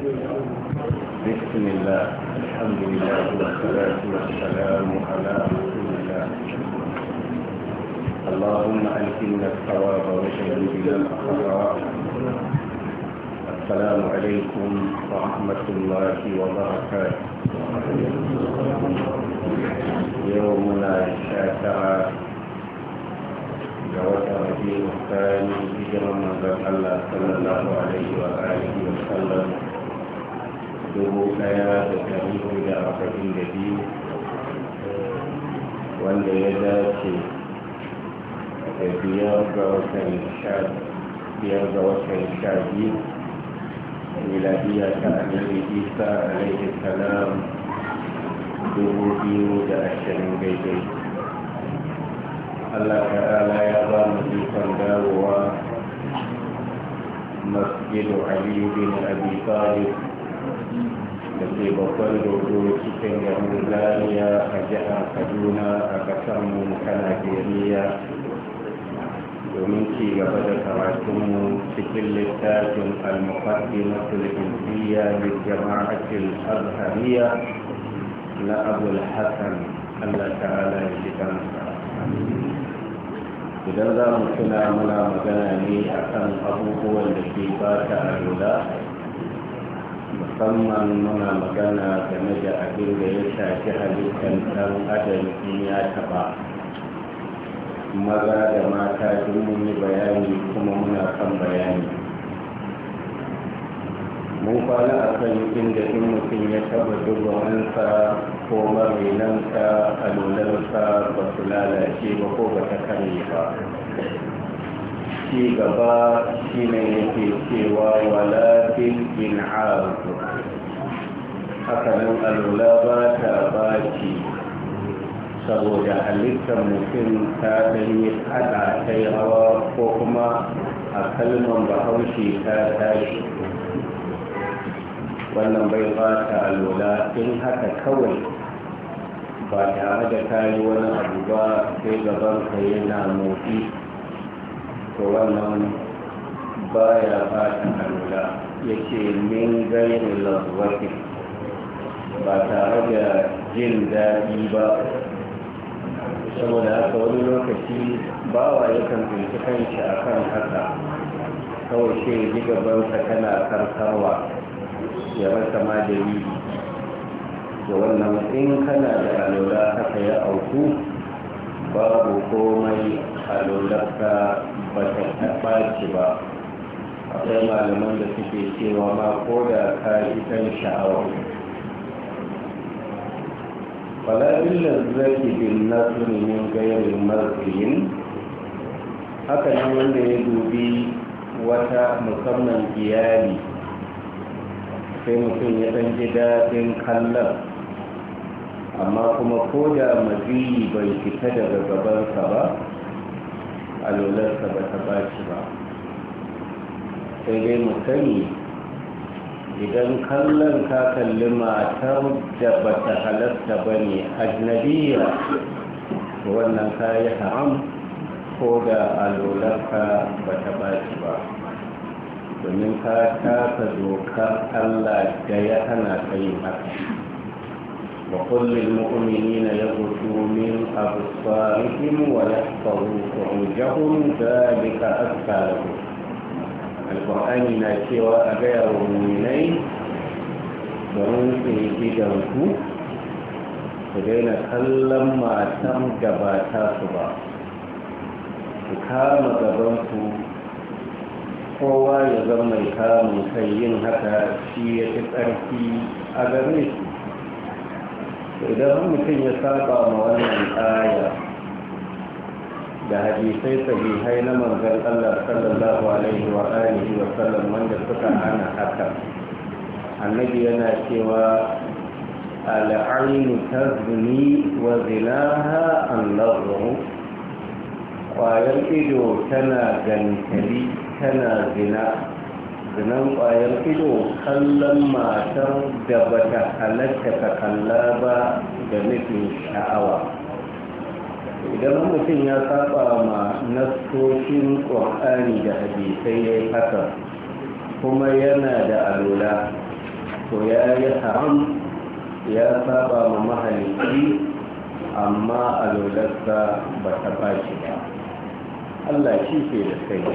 بسم الله الحمد لله والصلاة والسلام على رسول الله اللهم ألفنا الثواب وجنبنا الأخطاء السلام عليكم ورحمة الله وبركاته يومنا الشاكرة جواد ربي الثاني في من الله صلى الله عليه وآله وسلم dubu ɗaya da dari da arba'in da biyu wanda ya dace da biyar ga watan sha biyar ga watan sha biyu miladiya ta annabi isa alaihi salam dubu biyu da ashirin daidai allah ta'ala ya ba mu ikon dawowa مسجد علي بن ابي طالب da ke babban dodo cikin garin zaria a jihar kaduna a ƙasarmu ta najeriya domin ci gaba da karatunmu cikin littafin al-muqaddimatul hizbiyya lil jama'atil azhariyya na abul hasan allah ta'ala ya ji kansa idan za mu tuna muna magana ne akan abubuwan da ke ba ta alula musamman muna magana game da abin da ya shafi halittar ɗan adam in ya taɓa maza da mata duk mun yi bayani kuma muna kan bayani mun kwana a kan inda in mutum ya taɓa dubawansa ko marinansa a nunarsa ba su lalace ba ko ba ta kare ba ci gaba shi ne yake cewa walakin in arzu hakanan alula ba ta baki saboda halittar mutum ta gani hada ta yi hawa ko kuma a kalmar bahaushe ta tashi wannan bai ba ta alula in haka kawai ba tare da ta wani abu ba sai gaban ka yana motsi to wannan baya ba ta alula ya ce min gairin lafwati ba tare da jin daɗi ba saboda haka wani lokaci bawa yakan tunci kanshi a kan haka kawai ce ji gabansa kana karkarwa ya rasa ma da yi da wannan in kana da alula haka ya auku babu komai ta. ba ta taɓa ba akwai malaman da suke cewa ma ko da ka yi kan sha'awa falabin da zaki bin nasu ne marfiyin haka nan wanda ya dubi wata musamman iyali sai mutum ya ɗan ji daɗin kallon amma kuma ko da maziyi bai fita daga gabansa ba alolarsa ba ta ba sai dai mu sani idan kallon ka kalli matar da ba ta halatta ba ne ajnabiya wannan ka yi haram ko da bata ba ta ba domin ka taka dokar allah da ya hana ka yin haka وكل المؤمنين يغشوا من أبصارهم ويحفظوا فروجهم ذلك أزكى لهم القرآن لا سوى أغير المؤمنين domin su yi gidanku su daina kallon matan gabata su ba su kama ku. kowa ya zama mai kamun kai yin haka shi ya ci tsarki a gare idan mutum ya saba ma wannan aya da hadisai sahihai na manzon Allah sallallahu alaihi wa alihi wa sallam wanda suka hana haka annabi yana cewa al'ainu tazni wa zilaha an nazru kwayar ido tana gantali tana zina zinan ƙwayar ido kallon matar da ba ta halatta ka kalla ba da nufin sha'awa idan mutum ya saba ma nassoshin ƙwa'ani da hadisai ya yi haka kuma yana da alula, to ya yi haram ya saba ma mahalici amma alularsa ba ta ba shi ba Allah shi ke da kai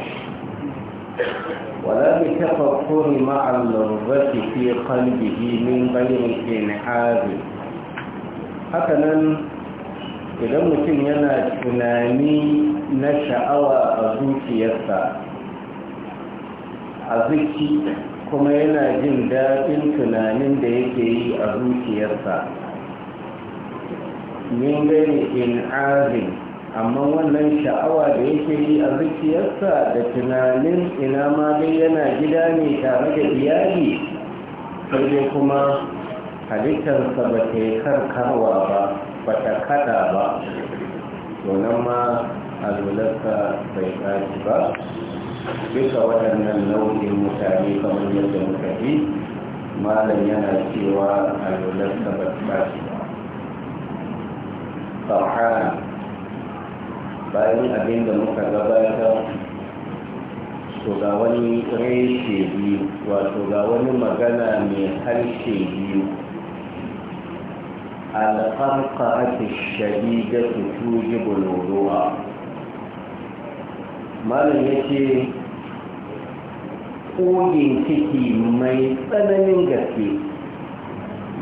ولا بتفكر مع اللغة في قلبه من غير انحاز هكذا idan mutum yana tunani na sha'awa a zuciyarsa a zuci kuma yana jin daɗin tunanin da yake yi a zuciyarsa min gani in azin amma wannan sha'awa da yake yi a zuciyarsa da tunanin ina ma dai yana gida ne tare da iyali sai kuma halittarsa ba ta yi karkarwa ba ba ta kada ba tonan ma alularsa bai tsaki ba duka waɗannan nau'in mutane kamar yadda muka yi malam yana cewa a alularsa ba ta tsaki ba bayan abin da muka gabata to ga wani reshe biyu wato magana mai harshe biyu alfarka ake da su tuji bulorowa malam ya ce ƙogin ciki mai tsananin gaske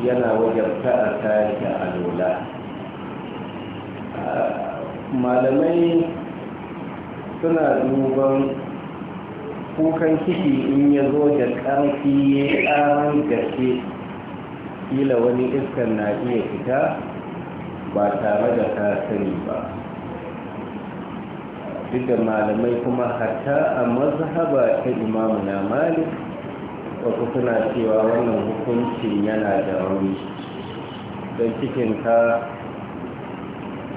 yana wajabta a tashi a lola malamai suna duban kukan kifi in ya zo da ƙarfi ya ƙaran gaske kila wani iskar na iya fita ba tare da ta ba duk da malamai kuma hatta a mazhaba ta imamu na malik wasu suna cewa wannan hukuncin yana da rauni don cikin ka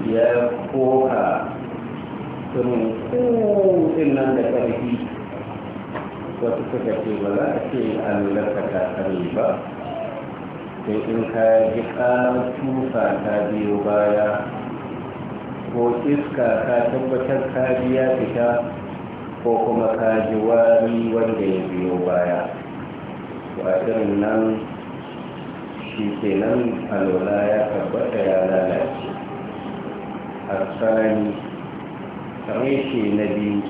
ya koka sun kutsin nan da ƙarfi wasu suka ce ba za a ce an lasa kakari ba sai in ka ji ƙarar tufa ta biyo baya ko iska ka tabbatar ka biya fita ko kuma ka ji wari wanda ya biyo baya wajen nan shi ke nan alola ya tabbata ya lalace الثاني ريشي نبي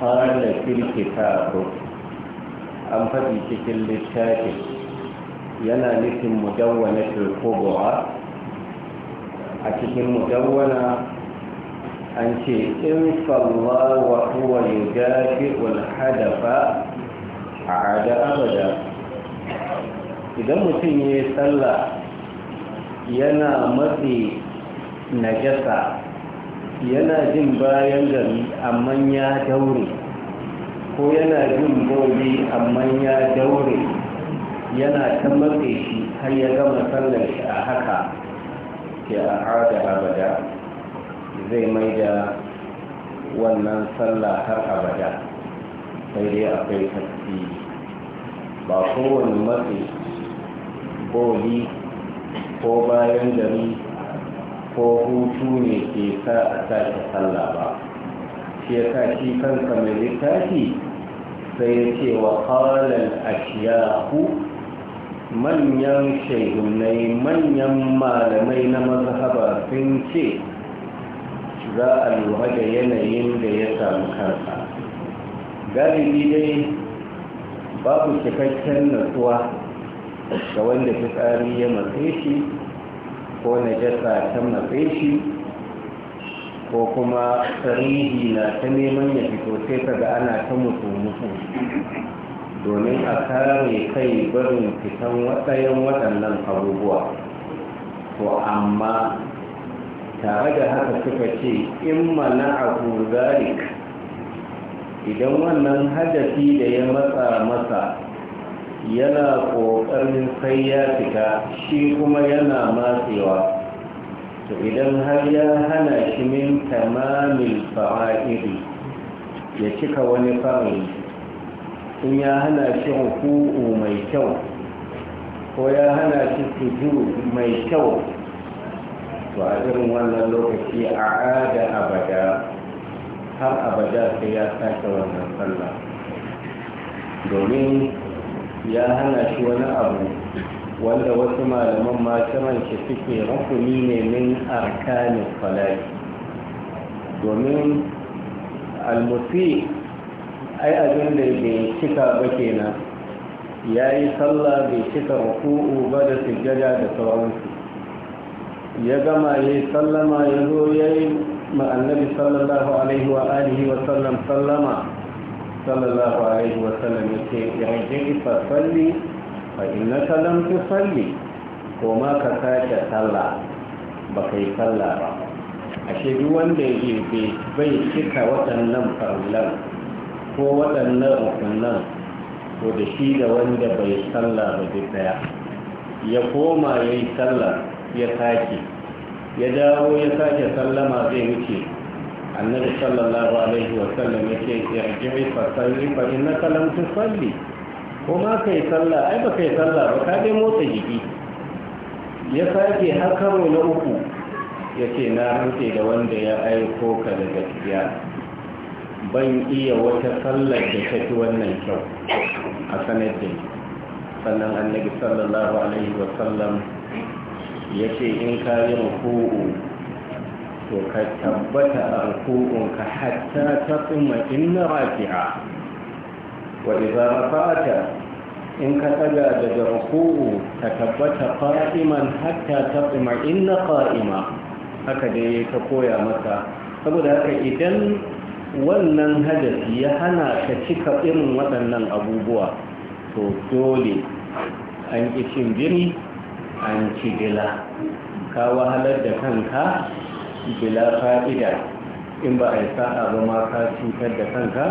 قال في الكتاب an faɗi cikin littafin yana nufin mudawwana turkubuwa a cikin mudawwana an ce in falla wa huwa yujafi hadafa a ada abada idan mutum ya salla tsalla yana matsi najasa yana jin bayan gari amma ya daure ko yana jin bori amma ya daure yana ta matse shi har ya gama sallar shi a haka ke a hada abada zai mai da wannan sallah har abada sai dai akwai tafi ba kowane matse boli ko bayan gari ko hutu ne ke sa a tashi sallah ba shi ya sa shi kanka mai littafi sai ya ce wa halal ku? manyan shaidunai manyan malamai na mazhaba sun ce za a lura da yanayin da ya samu kansa galibi dai babu cikakken natsuwa ga wanda fitsari ya matse shi ko na najasa ta mafe shi ko kuma sarihi na ta neman ya fito sai ga ana ta mutu mutu domin a kare kai barin fitan watsayin waɗannan abubuwa to amma tare da haka suka ce in mana abu zarik idan wannan hadafi da ya matsa masa yana ƙoƙarin kai ya fita shi kuma yana matsewa to idan har ya hana shi min tamamil fa'a'iri ya cika wani fa'ari in ya hana shi hukuku mai kyau ko ya hana shi sujudu mai kyau to a irin wannan lokaci a ada abada har abada sai ya sake wannan sallah domin ya hana shi wani abu wanda wasu malaman ma shi suke rukuni ne min arkanin falai domin almusi ai abin da bai cika ba kenan ya yi sallah bai cika ruku'u ba da sujjada da sauransu ya gama ya yi sallama ya zo ya yi ma'annabi sallallahu alaihi wa alihi wa sallam sallama sallallahu alaihi wa sallam yake irji fa salli fa innaka lam tusalli ko ma ka sake sallah ba yi sallah ba ashe duk wanda yake bai cika waɗannan farlan ko waɗannan rukunan ko da shi da wanda bai sallah ba duk daya ya koma ya yi sallah ya sake ya dawo ya sake sallama zai wuce annabi sallallahu alaihi wasallam yake irji'i fa salli fa innaka lam tusalli kuma kai sallah ai ba kai sallah ba ka dai motsa jiki ya sake har karo na uku yace na rute da wanda ya aiko ka da gaskiya ban iya wata sallar da ta fi wannan kyau a sanar da sannan annabi sallallahu alaihi wasallam ya ce in ka yi ruku'u to ka tabbata a rukunka hatta ta tsumma inna rafi'a wa idza fata in ka daga daga ruku'u ka tabbata faiman hatta ta tsumma inna qa'ima haka dai ka koya mata saboda haka idan wannan hadasi ya hana ka cika irin waɗannan abubuwa to dole an ƙi cin jini an ci ka wahalar da kanka bila fa'ida in ba a yi sa'a ba ma ka cutar da kanka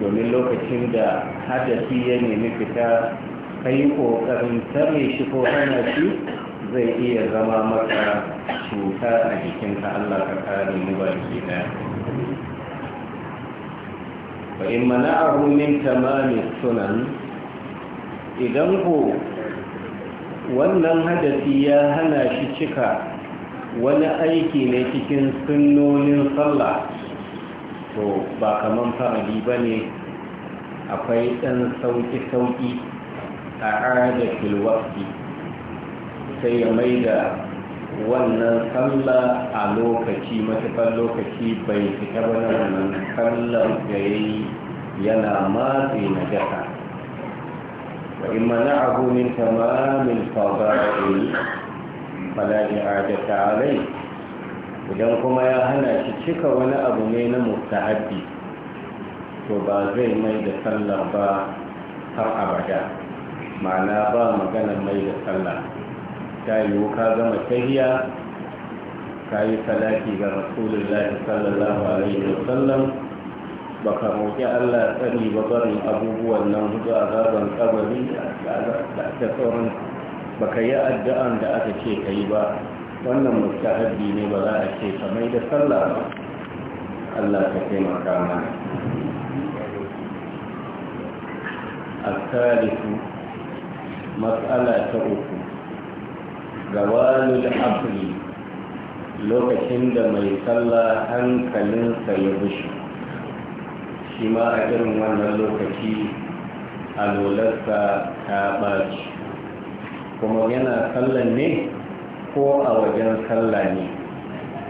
domin lokacin da hadafi ya nemi fita ka yi ƙoƙarin tare shi ko hana shi zai iya zama maka cuta a jikinka Allah ka kare mu ba ke da ba in a rumin tamami sunan idan ku, wannan hadafi ya hana shi cika wani aiki ne cikin sunnonin sallah to ba kamar fa'ali ba ne akwai ɗan sauƙi-sauƙi a arzikin wafi sai ya mai da wannan sallah a lokaci matuƙar lokaci bai fita wani wannan sallar da ya yi yana matse na jaka wa'in mana abu min tamamin fada'il fala i'adata alai idan kuma ya hana shi cika wani abu ne na mustahabbi to ba zai mai da sallar ba har abada ma'ana ba maganar mai da sallah ta yiwu ka gama tahiya ka yi salati ga rasulullahi sallallahu alaihi wasallam baka roƙi Allah tsari ba barin abubuwan nan hudu a zaben tsabari da sauransu Ba ka yi addu'an da aka ce ka yi ba wannan haddi ne ba za a ce ka mai da sallah ba Allah ka taimaka mana الثالث مسألة أخرى زوال afri lokacin da mai sallah hankalinsa ya bushe shi ma a irin wannan lokaci lolarsa ta ɓaci kuma yana sallan ne ko a wajen sallah ne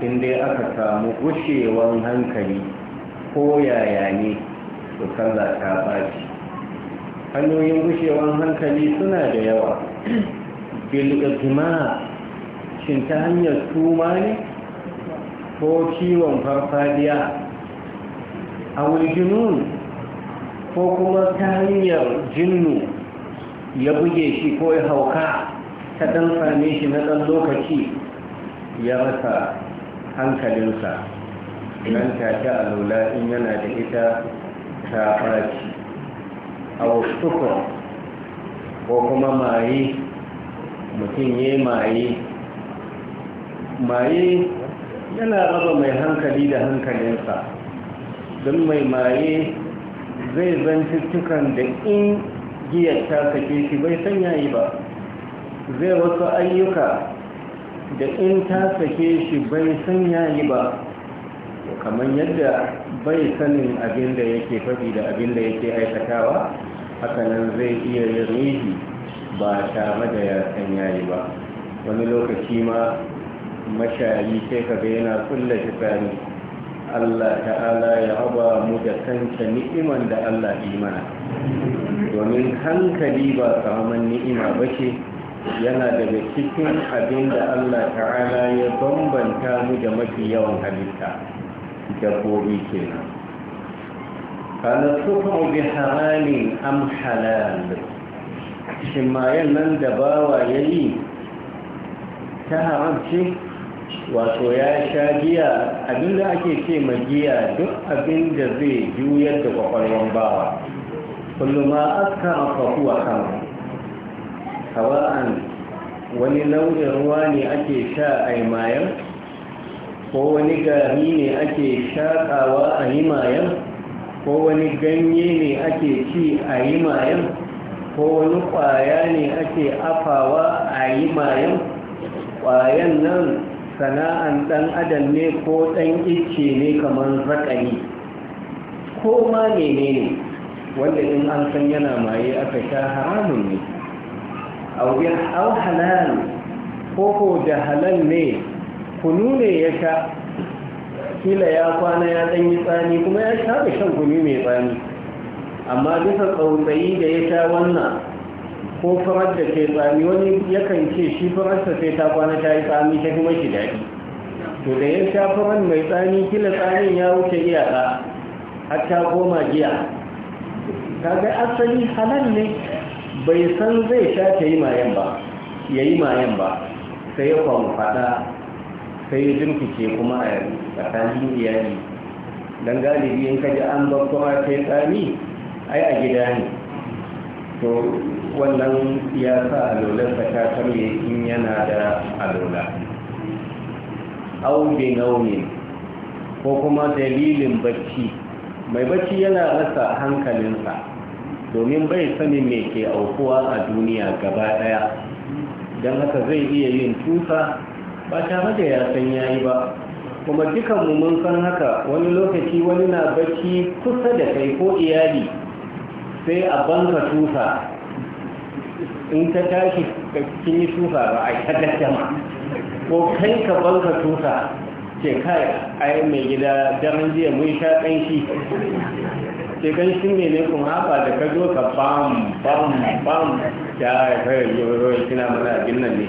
inda aka samu gushewan hankali ko yaya ne su sallah ta baci hanyoyin gushewan hankali suna da yawa bilgazima shin ta hanyar tuma ne ko ciwon farfadiya a wuljinun ko kuma ta hanyar jinnu ya buge shi ko ya hauka ta ɗan shi na ɗan lokaci ya rasa hankalinsa nan ta alula in yana da ita ta faci a wasu ko kuma maye mutum ya yi maye maye yana raba mai hankali da hankalinsa don mai maye zai zan da in giyar ta sake shi bai san yayi ba zai wasu ayyuka da in ta sake shi bai san yayi ba kamar yadda bai sanin abin da yake faɗi da abin da yake aikatawa hakanan zai iya yin rihi ba tare da ya san yayi ba wani lokaci ma mashayi sai ga yana shi fitsari Allah ta'ala ya haba mu da kanka ni'iman da Allah imana domin hankali ba saman ni'ima ba ce yana daga cikin abin da allah ta'ala ya bambanta mu da mafi yawan halitta dabbobi kenan kana sufu bi halalin am halal shin nan da bawa ya yi ta haramci, wato ya sha giya abinda ake ce ma giya duk abin da zai juyar da kwakwalwan bawa كل ما أذكر فهو خمر سواء wani nau'in ruwa ne ake sha a mayan ko wani gari ne ake shaƙawa a yi mayan ko wani ganye ne ake ci a yi mayan ko wani ƙwaya ne ake afawa a yi mayan ƙwayan nan sana'an ɗan adam ne ko ɗan icce ne kamar zakari ko ma menene wanda in an san yana maye aka sha haramun ne auyar au halal ko da halal ne kunu ne ya sha kila ya kwana ya ɗan yi tsani kuma ya sha da shan kunu mai tsani amma bisa tsautsayi da ya sha wannan ko farar da ke tsami wani yakan ce shi fararsa sai ta kwana ta yi tsami ta kuma shi daɗi to da ya sha farar mai tsami kila tsanin ya wuce iyaka har ta koma giya kaga asali halal ne bai san zai sha ta yi mayan ba ya yi mayan ba sai ya kwamu fada sai ya jirkice kuma a tsakanin iyali don galibi in kaji an ba kuma sai tsami ai a gida ne to wannan ya sa alolarsa ta karye in yana da alola aube nauyin ko kuma dalilin bacci mai bacci yana rasa hankalinsa domin bai sanin me ke aukuwa a duniya gaba daya don haka zai iya yin tusa ba tare da ya san yayi ba kuma mu mun san haka wani lokaci wani na bacci kusa da kai ko iyali sai a banka tusa in ta tashi kin yi tusa ba a kada ma ko kai ka banka tusa ke kai ai mai gida daren jiya mun sha kanshi ke ganshin ne ne kuma haka da ka zo ka bam bam bam ya haifar yawon kina mana abin nan ne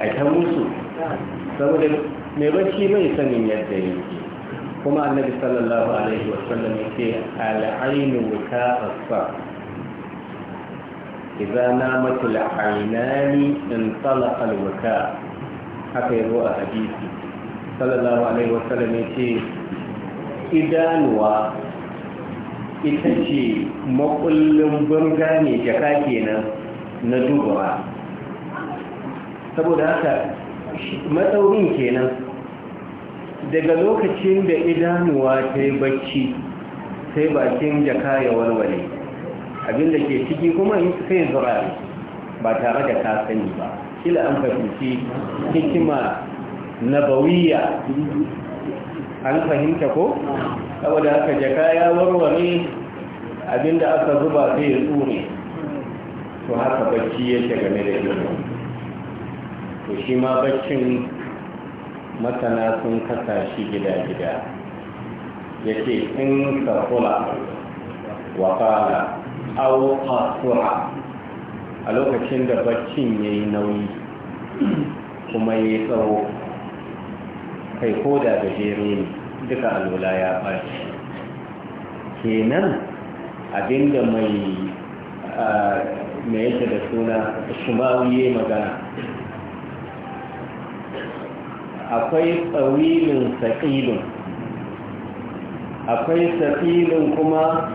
a ta musu saboda mai bacci mai sanin yadda yake kuma annabi sallallahu alaihi wa wasallam yake al'ainu wuka asa idza namatu al'ainani in talaqa al-wuka haka yabo a hadisi sallallahu alaihi wa wasallam yake idanuwa ita ce makullin banga ne jaka kenan na dubawa saboda haka matsaurin kenan daga lokacin da idanuwa ta yi bacci sai bakin jaka ya walwale abinda ke ciki kuma yi sai zura ba tare da kasani ba kila an fahimci hikima nabawiya an fahimta ko saboda haka jaka ya warware abinda aka zuba zai tsure to haka bacci yake game da yi to shi ma baccin masana sun kasa shi gida-gida ya ce in ka kula wa fara auka kura a lokacin da baccin ya yi nauyi kuma ya yi tsawo kai ko da gajere ne duka alwala ya ɓaci kenan abinda mai mai yadda da suna shumawiye magana akwai tsawilin saƙilin akwai saƙilin kuma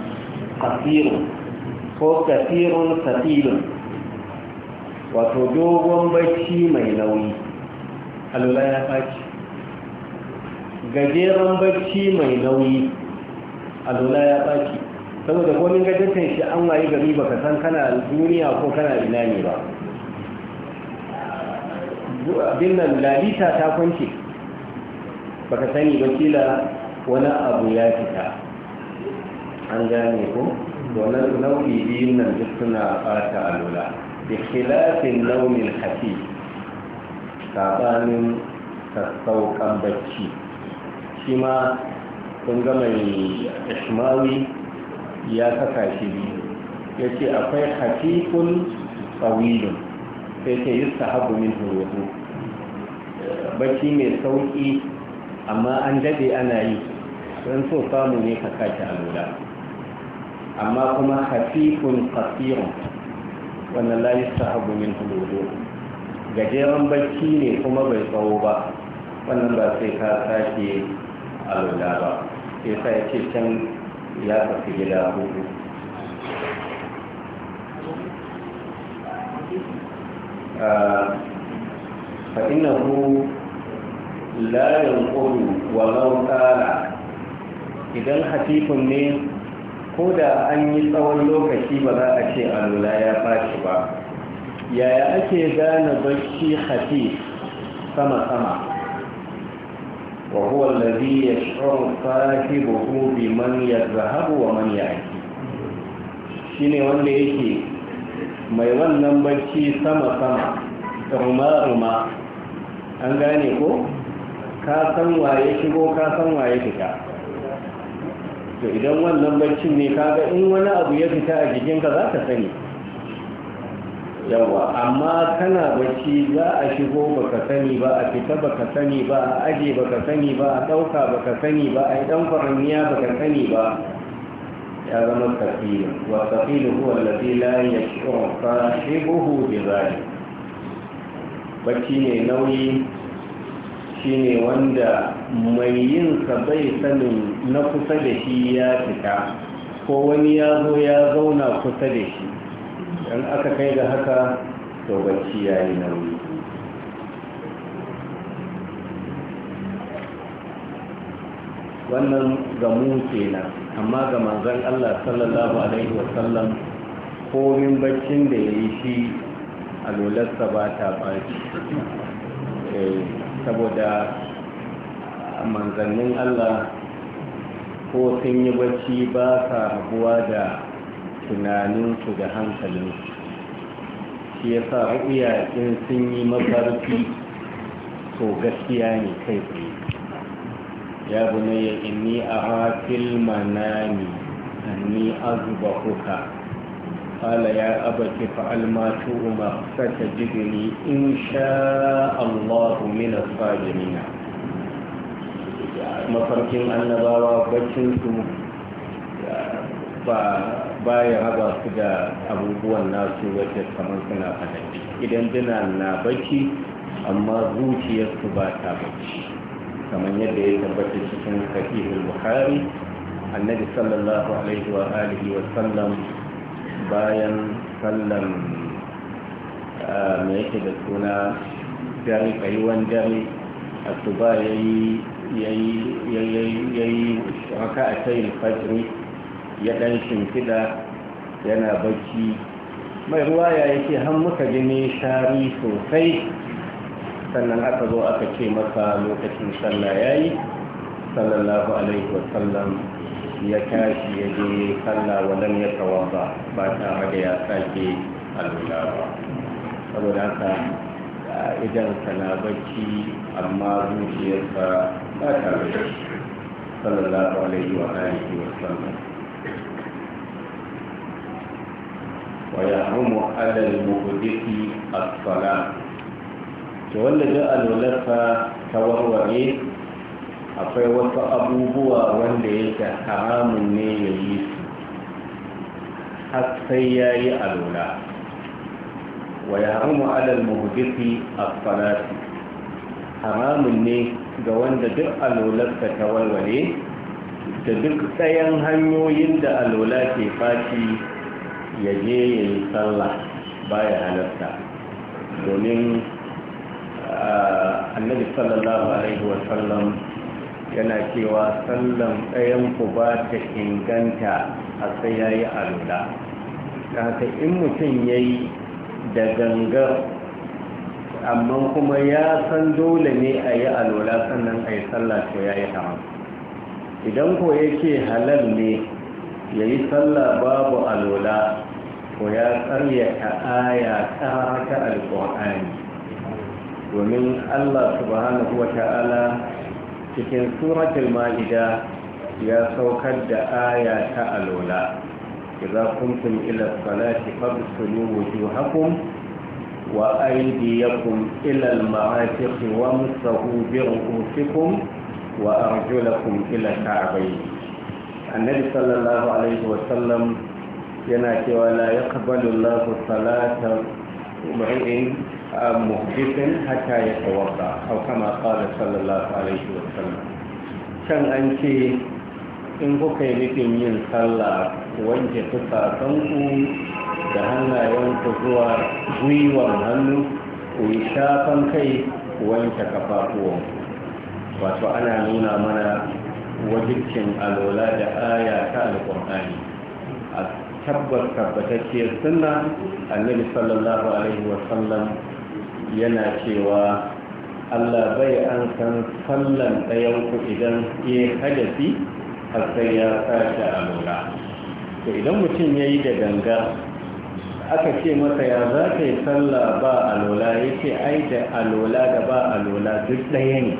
kafirun ko kafirun saƙilin wato dogon bacci mai nauyi alula ya faci gajeren bacci mai nauyi a lola ya ɓaci saboda komin gajarcin shi an waye gari baka san kana duniya ko kana ina ne ba abin nan lalita ta kwanci baka sani ba wani abu ya fita an gane ko wannan nau'i biyun nan duk suna ɓata alola da khilafin launin hafi saɓanin sassauƙan bacci shi ma kun gama ishmawi ya saka shi biyu ya ce akwai hafifun tsawilin, sai ce yi sahabu min huruhu bacci mai sauƙi amma an daɗe ana yi don so samu ne ka kaci alula amma kuma hafifun kasirun wannan layi sahabu min huruhu gajeren bacci ne kuma bai tsawo ba wannan ba sai ka sake alwada ba sai sa ya ce can ya tafi gida hudu hu لا kudu wa قال idan hatifin ne. ko da an yi tsawon lokaci ba za a ce alula ya fashi ba yaya ake gane bacci hafi sama-sama وهو الذي يشعر صاحبه بمن يذهب ومن يأتي shine wanda yake mai wannan bacci sama-sama ruma-ruma an gane ko ka san waye shigo ka san waye fita to idan wannan baccin ne kaga in wani abu ya fita a jikinka za ka sani yawa amma kana bacci za a shigo baka sani ba a fita baka sani ba a aje baka sani ba a ɗauka baka sani ba a yi ɗan faranniya baka sani ba ya zama kafiri wa kafiri huwa lafi la ya sahibuhu bi zalik bacci ne nauyi shine wanda mai yin bai sanin na kusa da shi ya fita ko wani ya zo ya zauna kusa da shi in aka kai da haka to bacci ya yi nauyi wannan ga mu kenan amma ga manzan Allah sallallahu alaihi wasallam komin baccin da ya yi shi a lolarsa ba ta ɓaci eh, saboda manzannin Allah ko sun yi bacci ba sa rabuwa da tunaninsu da hankalinsu shi ya sa ru'uya in sun yi mafarki to gaskiya ne kai tsaye ya ya inni ara ni a zuba kuka. ala ya abati fa'al ma saka satajidni in sha Allah min as mafarkin annabawa bacin su ba ya raba su da abubuwan nasu wajen kamar suna fadaki idan dina na baki amma zuciyarsu ba ta baki kamar yadda ya tabbata cikin sahihul bukhari annabi sallallahu alaihi wa alihi wa sallam bayan sallan ah, mai yake da suna dare kaiwan dare asuba yayi yayi yayi yayi a tayin fajri ya ɗan shimfiɗa yana bacci mai ruwa ya yake har muka ji shari sosai sannan aka zo aka ce masa lokacin sallah ya yi sallallahu alaihi wasallam ya tashi ya je sallah wadan ya tawa ba ba tare da ya sake alula ba saboda haka idan na bacci amma zuciyarsa ba tare da sallallahu alaihi wa alihi wasallam ويحرم على المحدث الصلاة wanda duk alwalarsa ta warware akwai wasu abubuwa wanda yake haramun ne ya yi su har ya yi wa ya haramun ne ga wanda duk alwalarsa ta warware da duk ɗayan hanyoyin da alwala ke fashi ya je ya yi sallah baya halarta domin ah, annabi sallallahu alaihi wasallam yana cewa sallan ɗayan ku ba ta inganta a sai ya yi alula ta haka in mutum ya yi da gangar amma kuma ya san dole ne a yi alula sannan a yi sallah to ya yi idan ko yake halal ne ya yi sallah babu alwala ko ya karyata aya ta alƙur'ani domin allah subhanahu wa ta'ala cikin suratul ma'ida ya saukar da aya ta alwala idza kuntum ila salati fabsulu wujuhakum wa aydiyakum ila al-ma'atiqi wamsahu bi ru'usikum wa arjulakum ila al-ka'bayn annabi sallallahu alaihi wasallam yana cewa la ya kabalin lafi salatar mu'in a muhdisin hata ya tawaka hau kama kala sallallahu alaihi wasallam can an ce in kuka yi nufin yin sallah wanke ku da hannayenku zuwa gwiwar hannu ku yi shafan kai wanke kafafuwanku wato ana nuna mana wajibcin alola da aya ta alƙur'ani a tabbar tabbatacciyar suna annabi sallallahu alaihi wasallam yana cewa Allah bai an san sallan ɗayan ku idan ya hadafi har sai ya sashi alola to idan mutum ya yi da ganga aka ce masa ya za ka yi sallah ba alola ya ce ai da alola da ba alola duk ɗaya ne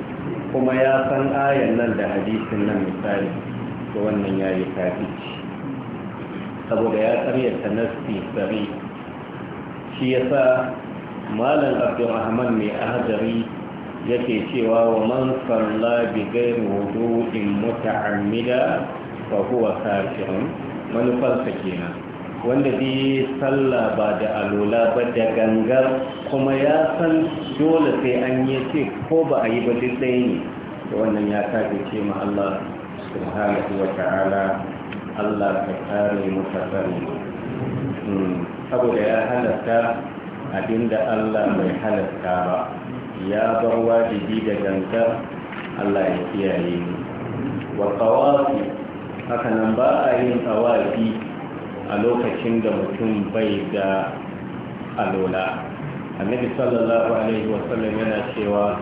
kuma ya san ayan nan da hadisin nan misali da wannan ya yi kafici saboda ya karyata nasti sari shi ya sa malam abdurrahman mai ahadari yake cewa wa man salla bi gairi wudu'in muta'ammida fa huwa kafirun manufarsa kenan wanda bi sallah ba da alola ba da gangar kuma ya san dole sai an yi ce ko ba a yi ba duk ɗaya ne da wannan ya kafe ce ma Allah subhanahu wa ta'ala Allah ka kare mu ka hmm, saboda ya halatta abinda Allah mai halatta ba ya bar wajibi da gangar Allah ya kiyaye mu wa qawafi haka nan ba a yin tawafi a lokacin da mutum bai da alola annabi sallallahu alaihi wasallam yana cewa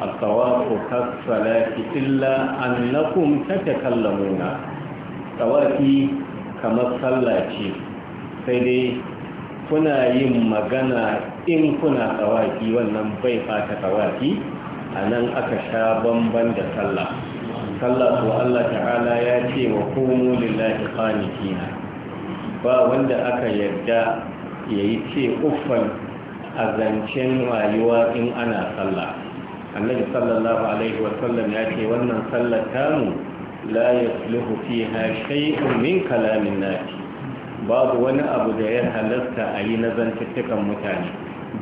al-tawafu kas illa illa annakum tatakallamuna tawafi kamar sallaci ce sai dai kuna yin magana in kuna tawafi wannan bai fata tawafi a nan aka sha bamban da sallah sallah ko Allah ta'ala ya ce wa komo lillahi qanitina ba wanda aka yarda ya yi ce uffan a zancen rayuwa in ana sallah annabi sallallahu alaihi wasallam ya ce wannan sallar tamu la yasluhu fiha shay'un min kalamin nati babu wani abu da ya halasta a yi na zantuttukan mutane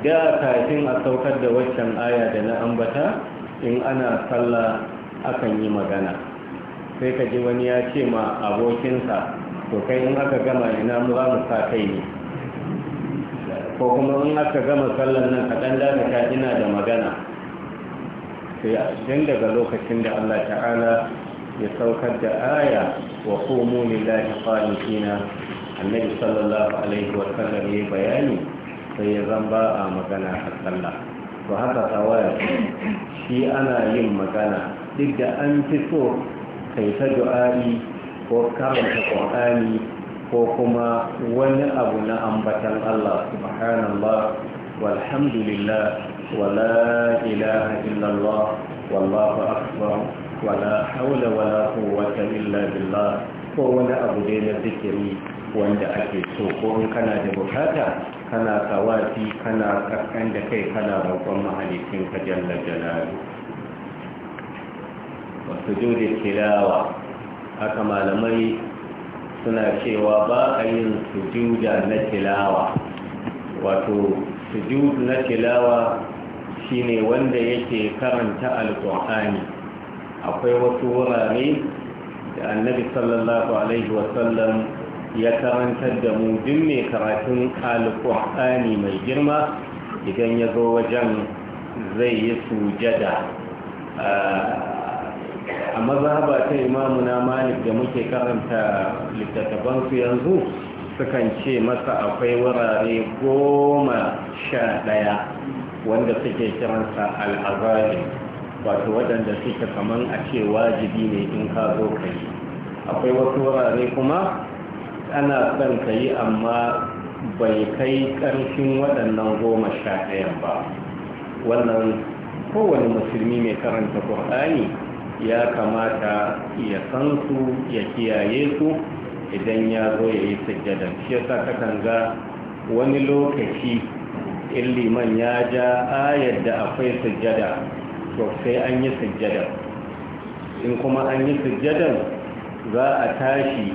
da kafin a saukar da waccan aya da na ambata in ana sallah akan yi magana sai ka ji wani ya ce ma abokinsa to kai in aka gama ina mu za mu sa kai ne ko kuma in aka gama sallan nan kaɗan ka ina da magana sai a cikin daga lokacin da Allah ta'ala ya saukar da aya wa komo lillahi qanitina annabi sallallahu alaihi wa sallam ya bayani sai ya zamba a magana a sallah to haka tawaya shi ana yin magana duk da an fi so kai ta du'a'i ko karanta ƙwa'ani ko kuma wani abu na ambatan Allah subhanallah walhamdulillah wala ilaha illallah wallahu akbar wala haula wala quwwata illa billah ko wani abu dai na zikiri wanda ake so ko in kana da bukata kana tawafi kana kakkan da kai kana roƙon mahalicin ka jalla jalalu wa sujudi tilawa haka malamai suna cewa ba a yin sujuda na tilawa wato sujudu na tilawa shine wanda yake karanta alkur'ani akwai wasu wurare da annabi sallallahu alaihi wasallam ya karantar da mu duk mai karatun alkur'ani mai girma idan ya zo wajen zai yi sujada ah, a ba ta imamuna malik da muke karanta littattafansu yanzu sukan ce masa akwai wurare goma sha ɗaya wanda suke kiransa al'azari wato waɗanda suke kaman a ce wajibi ne in ka zo ka yi akwai wasu wurare kuma ana son ka yi amma bai kai ƙarfin waɗannan goma sha ɗayan ba wannan kowane musulmi mai karanta ƙur'ani ya kamata ya san su ya kiyaye su idan ya zo ya yi sujjada shi ya kakan ga wani lokaci in liman ya ja ayar da akwai sujjada to sai an yi sujjada in kuma an yi sujjadan za a tashi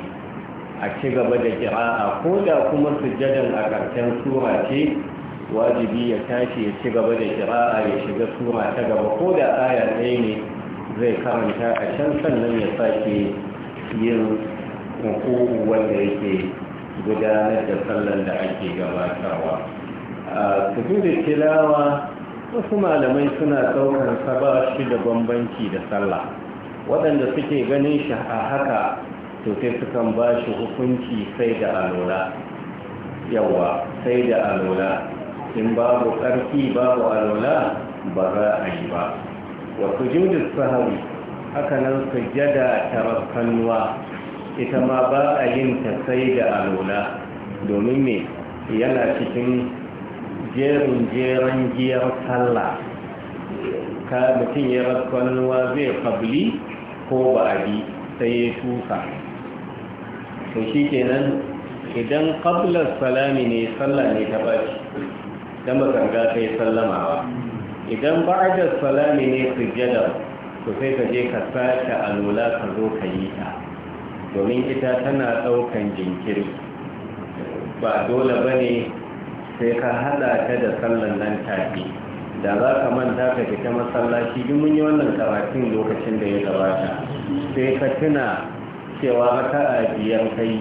a ci gaba da kira'a ko da kuma sujjadan a ƙarshen sura ce wajibi ya tashi ya ci gaba da kira'a ya shiga sura ta gaba ko da aya ɗaya ne zai karanta a can sannan ya sake yin hukuku wanda yake gudanar da sallan da ake gabatawa. a da tilawa wasu malamai suna saukar saba shi da bambanci da sallah waɗanda suke ganin shi a haka to sai sukan ba shi hukunci sai da alola yawa sai da alola in babu ƙarfi babu alola ba za a yi ba wa sujudus sahwi haka nan ta tarakkanuwa ita ma ba a yin ta sai da alola domin me yana cikin jerin jeran giyar sallah ka mutum ya rakkanuwa zai kabli ko ba a bi sai ya tuka to shi kenan idan kablar salami ne sallah ne ta shi don ba karga kai sallamawa idan da salami ne sujjada su sai ka je ka sake alola ka zo ka yi ta domin ita tana daukan jinkiri ba dole ba ne sai ka hada ta da sallan nan tafi da za ka manta ka fita masallaci duk mun yi wannan karatun lokacin da ya gabata sai ka tuna cewa haka a biyan kai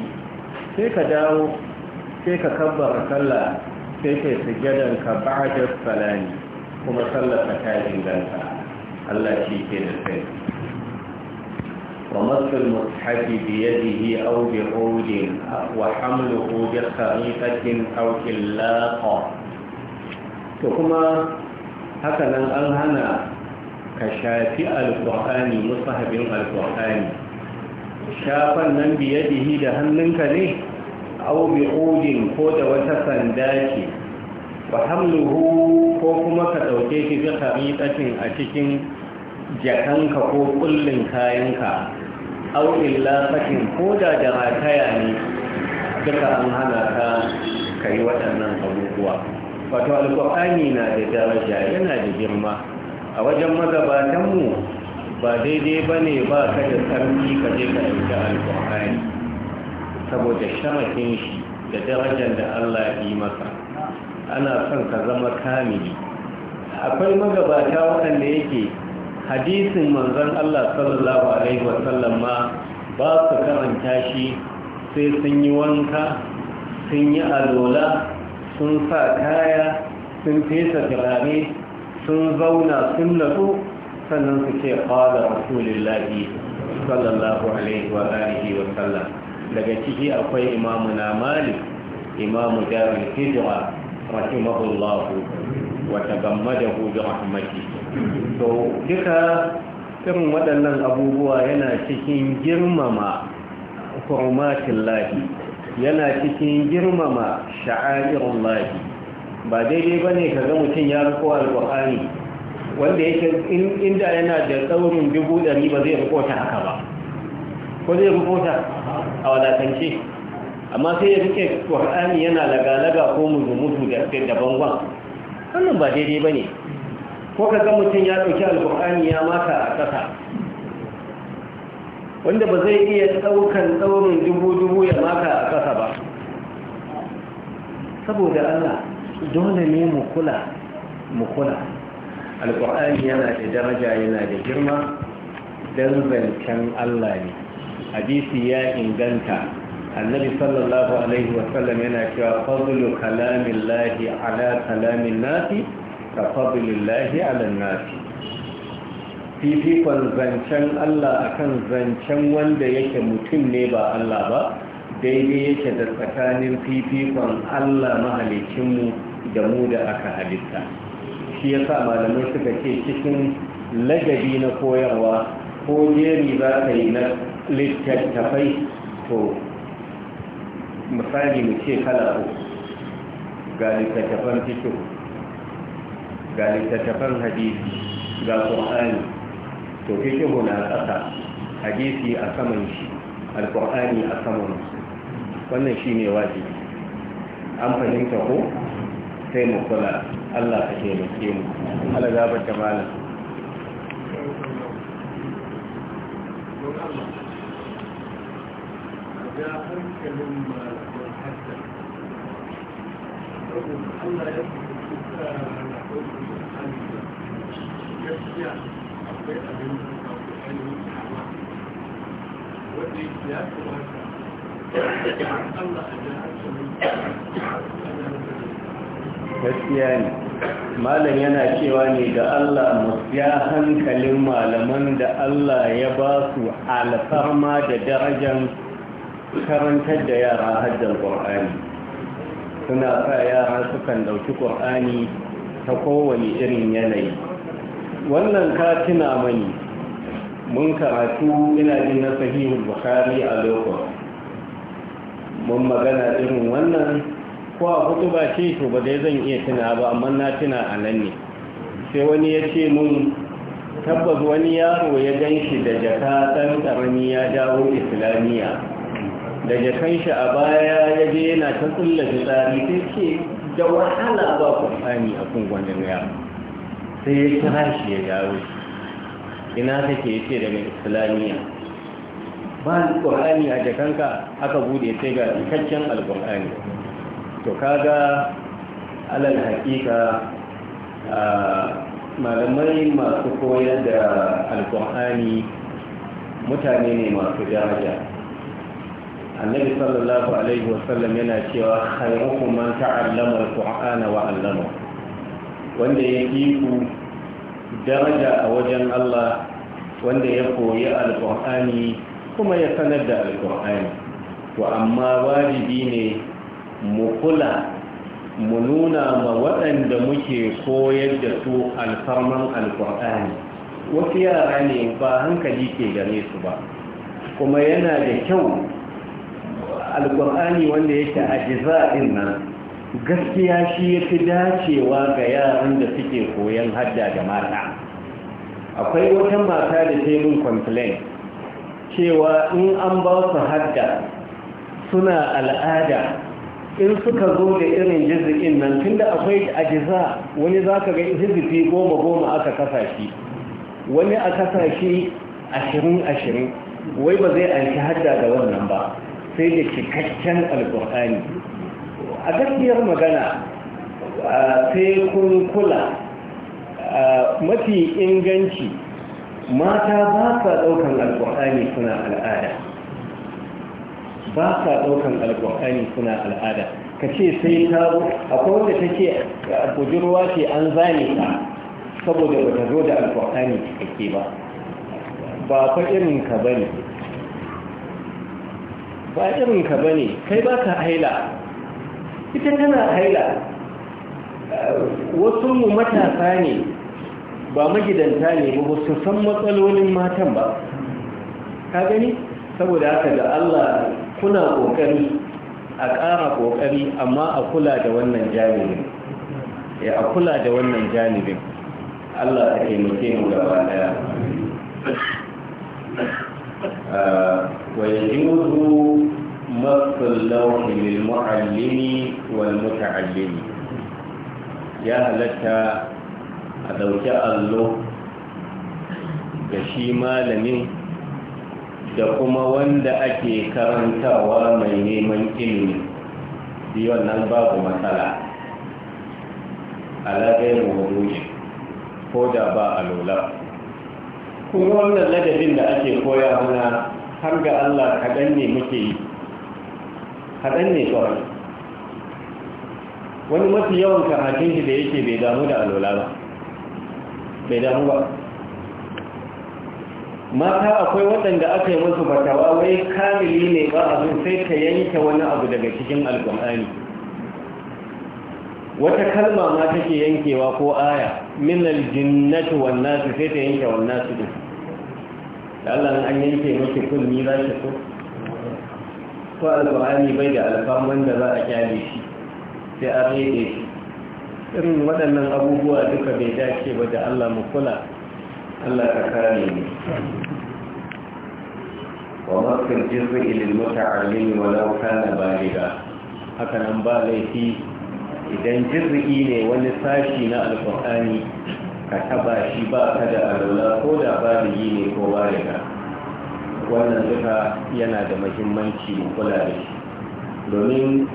sai ka dawo sai ka kabbar sallah sai ka sujjadan ka ba'da salami kuma sallarsa ta inganta Allah shi ke da sai ومس المصحف بيده أو بعود وحمله بخريطة أو كلاقة وكما هكذا الأنهنا كشافي القرآن مصحف القرآن شافا من بيده دهنك ليه أو بعود كود وتسنداكي wa hamluhu ko kuma ka ɗauke shi ga khariqatin a cikin jakanka ko kullin kayanka aw illa fakin ko da da rataya ne duka an hana ka kai waɗannan abubuwa wato alƙur'ani na da daraja yana da girma a wajen magabatanmu ba daidai ba ne ba ka da sarki ka je ka ɗauki alƙur'ani saboda shamakin shi da darajar da Allah ya yi maka. ana son ka zama kamili akwai magabata waɗanda yake hadisin manzon Allah sallallahu alaihi wasallam ma ba su karanta shi sai sun yi wanka sun yi alola sun sa kaya sun fesa turare sun zauna sun natsu sannan su ce fada sallallahu alaihi wa alihi sallam daga ciki akwai imamu na malik imamu jami'in رحمه الله وتغمده برحمته to duka irin waɗannan abubuwa yana cikin girmama hurmatin lahi yana cikin girmama sha'airun lahi ba daidai ba ne ka ga mutum ya riko alƙur'ani wanda yake inda yana da tsaurin dubu ɗari ba zai rikota ta haka ba ko zai riko ta a wadatance amma sai ya rike qur'ani yana lagalaga ko mudu-mudu da da bangon wannan ba daidai bane ko kaga mutum ya dauki alqur'ani ya maka a kasa wanda ba zai iya ɗaukan daurin dubu-dubu ya maka a kasa ba saboda Allah dole ne mu kula mu kula yana da daraja yana da girma dan zancen Allah ne hadisi ya inganta annabi sallallahu alaihi wasallam yana cewa fadlu kalamin ala kalamin nasi ka fadlin ala nasi fifikon zancen Allah akan zancen wanda yake mutum ne ba Allah ba daidai yake da tsakanin fifikon Allah mahalicinmu da mu da aka halitta shi ya sa malamai suka ce cikin ladabi na koyarwa ko jeri za ka yi na littattafai to misali mu ce kala ko ga littattafan fito ga littattafan hadisi ga ƙur'ani to fikin na ƙasa hadisi a saman shi alƙur'ani a saman wannan shi ne waje an fahimta ko sai mu kula Allah ka taimake mu Allah gabata malam Ya hankalin malaman Allah ya fi gaskiya ne malam yana cewa ne da Allah ya hankalin malaman da Allah ya ba su alfarma da darajan karantar da yara haddar ƙwar'ani suna sa yara sukan ɗauki ƙwar'ani ta kowane irin yanayi wannan katina mani mun karatu ina jin na bukhari a lokacin mun magana irin wannan ko a hutu ba ce to ba dai zan iya tuna ba amma na tuna a nan ne sai wani ya ce mun tabbas wani yaro ya gan da jaka ɗan ƙarami ya dawo islamiyya da kan shi a baya ya je yana ta tsulla tsari ta ce da wahala ba kur'ani a kun gwanin ya sai ya kira shi ya shi ina kake ce mai islamiyya ba qur'ani a jakanka aka bude sai ga cikakken alqur'ani to kaga alal haƙiƙa malamai masu koyar da alqur'ani mutane ne masu daraja annabi sallallahu alaihi wasallam yana cewa khairukum man ta'allama alqur'ana wa 'allama wanda ya fi ku daraja a wajen Allah wanda ya koyi alqur'ani kuma ya sanar da alqur'ani to amma wajibi ne mu kula mu nuna ma waɗanda muke koyar da su alfarman Alƙur'ani. wasu yara ne ba hankali ke gare su ba kuma yana da kyau alkur'ani wanda yake a jiza'in nan gaskiya shi ya fi dacewa ga yaran da suke koyon hadda da mata akwai wata mata da ta yi complain cewa in an ba su hadda suna al'ada in suka zo da irin jizikin nan tunda akwai ajiza wani za ka ga jizifi goma goma aka kasa shi wani a kasa shi ashirin ashirin wai ba zai aiki hadda da wannan ba sai da cikakken alkur'ani a gaskiyar magana sai kun kula mafi inganci mata ba sa ɗaukan alkur'ani suna al'ada ba sa daukan alkur'ani suna al'ada ka ce sai ta akwai wanda ta take bujirwa ce an zane ta saboda wata zo da alkur'ani cikakke ba ba fa irin ka bane ba irinka ba ne kai ba ka haila ita tana haila wasu mu matasa ne ba magidanta ne ba su san matsalolin matan ba ka gani saboda haka da Allah kuna kokari a ƙara kokari amma a kula da wannan jami'in ya a kula da wannan jami'in Allah ta taimake mu gaba daya ويجوز مص اللوح للمعلم والمتعلم يا لك أدوك الله gashi malamin da kuma wanda ake karantawa mai neman ilimi biyan nan babu matsala alaƙa alaƙai mawuruci ko da ba a lola kuma wannan ladabin da ake koya mana har ga Allah kaɗan ne muke yi kaɗan ne kawai wani mafi yawan karatun shi da yake bai damu da alola ba bai damu ba mata akwai waɗanda aka yi musu fatawa wai kamili ne ba abin sai ka yanke wani abu daga cikin alƙur'ani wata kalma ma take yankewa ko aya min aljinnati wan nas sai ta yanke wan nas din Allah an yanke miki ni za ki so ko alqur'ani bai da alfarman da za a kyale shi sai a rede shi irin waɗannan abubuwa duka bai dace ba da Allah mu kula Allah ka kare mu ومكر جزء للمتعلم ولو كان بالغا هكذا ba laifi. idan jirgi ne wani sashi na alkur'ani ka taba shi ba ka da alwala ko da yi ne ko ba da wannan duka yana da mahimmanci kula da shi domin